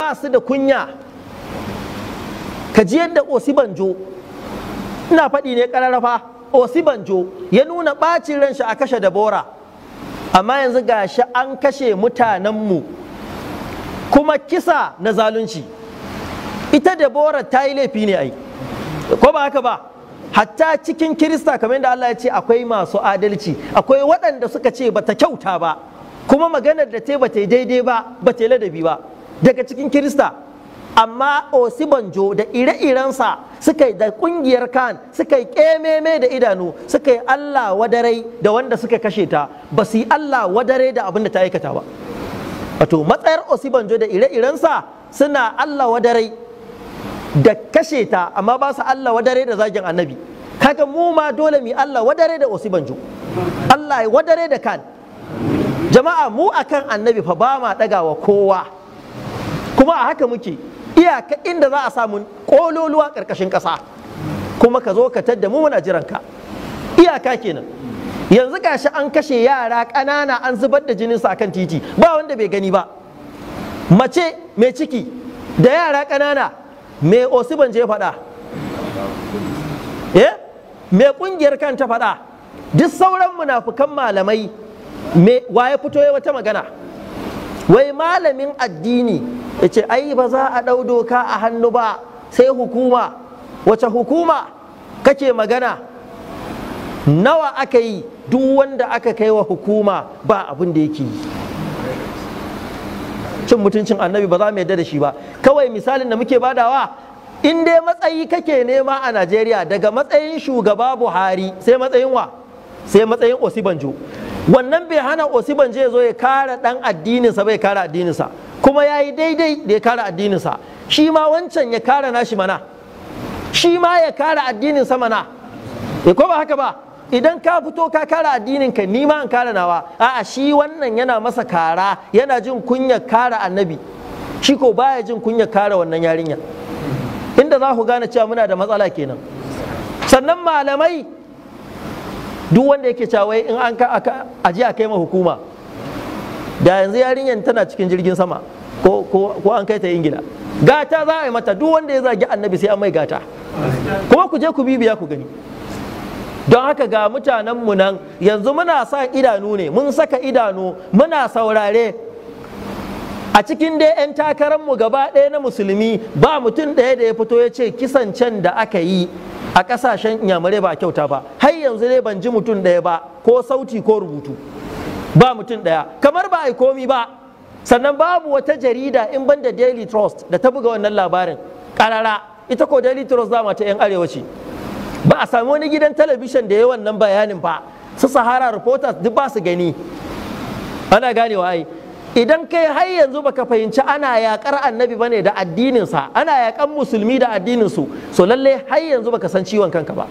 ba su da kunya ka ji yadda osibanjo ina faɗi ne ƙararrafa osibanjo ya nuna ɓacin ranshi a kashe dabora amma yanzu gashi an kashe mutanenmu kuma kisa na zalunci ita dabora ta yi laifi ne ai ko ba haka ba hatta cikin kirista kamar yadda Allah ya ce akwai masu adalci akwai waɗanda suka ce bata kyauta ba kuma maganar da ta yi bata daidai ba bata ladabi ba daga cikin kirista amma osibanjo da ire-irensa suka yi da kungiyar kan suka yi kememe da idanu suka yi allah wadare da wanda suka kashe ta ba su yi allah wadare da abin da ta aikata ba wato matsayar osibanjo da ire-irensa suna allah wadare da kashe ta amma ba su allah wadare da zagin annabi kaga mu ma dole mu allah wadare da osibanjo allah ya wadare da kan jama'a mu akan annabi fa ba ma dagawa kowa Kuma a haka muke iyaka inda za a samu kololuwa ƙarƙashin ƙasa kuma ka zo ka tadda mu muna jiranka iyaka kenan yanzu gashi an kashe yara ƙanana an zubar da jinin su akan titi ba wanda bai gani ba mace mai ciki da yara ƙanana mai osiban je faɗa eh mai ƙungiyar kan ta faɗa duk sauran munafukan malamai wa ya fito ya wata magana wai malamin addini ya ce ai ba za a ɗau doka a hannu ba sai hukuma wace hukuma kake magana nawa aka yi duk wanda aka kai wa hukuma ba abin da yake yi cin mutuncin annabi ba za mu yadda da shi ba kawai misalin da muke badawa in dai matsayi kake nema a najeriya daga matsayin shugaba buhari sai matsayin wa sai matsayin osibanjo wannan bai hana osibanjo ya zo ya kara dan addininsa bai kara addininsa kuma ya yi daidai da ya kare addininsa shi ma wancan ya kare nashi mana shi ma ya kare addininsa mana ya eh, ko ba haka ba idan ka fito ka kare addininka ni ma an kare nawa a'a shi wannan yana masa kara yana jin kunyar kare annabi shi ko baya jin kunyar kare wannan yarinya inda za ku gane cewa muna da matsala kenan sannan malamai duk wanda yake cewa in an aje a kai ma hukuma da yanzu yarinyar tana cikin jirgin sama ko an kai ta ingila gata za a yi mata duk wanda ya zagi annabi sai an mai gata kuma ku je ku bibiya ku gani don haka ga mutanenmu nan yanzu muna sa idanu ne mun saka idanu muna saurare a cikin dai 'yan mu gaba ɗaya na musulmi ba mutum ɗaya da ya fito ya ce kisan can da aka yi a ƙasashen inyamurai ba kyauta ba har yanzu dai ban ji mutum ɗaya ba ko sauti ko rubutu ba mutum ɗaya kamar ba a yi komi ba sannan babu wata jarida in ban da daily trust da ta buga wannan labarin ƙarara ita ko daily trust dama ta 'yan arewa ce ba a sami wani gidan talabishin da ya wannan bayanin ba su sahara reporters duk ba su gani ana ganewa ai idan kai har yanzu baka fahimci ana yakar annabi bane da addinin sa ana yakan musulmi da addinin su so lallai har yanzu baka san ciwon kanka ba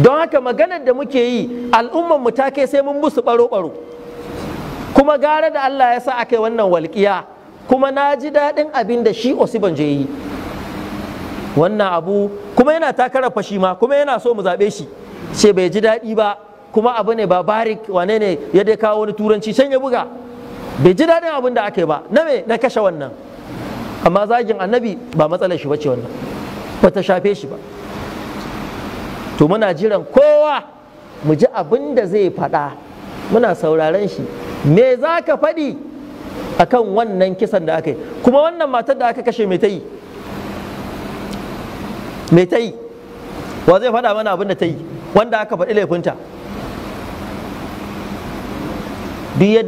don haka maganar da muke yi al'ummar mu ta kai sai mun musu baro-baro kuma gara da Allah ya sa akai wannan walƙiya kuma na ji daɗin abin da shi Osiban je yi wannan abu kuma yana takarar fashi ma kuma yana so mu zaɓe shi ce bai ji daɗi ba kuma abu ne ba barik wane ne ya dai kawo wani turanci can ya buga bai ji daɗin abin da aka yi ba na me na kashe wannan amma zagin annabi ba matsalar shi ba ce wannan ba ta shafe shi ba to muna jiran kowa mu ji abin da zai faɗa muna sauraron shi me za ka faɗi akan wannan kisan da aka yi kuma wannan matar da aka kashe me ta yi me ta yi wa zai faɗa mana abin da ta yi wanda aka faɗi laifinta duk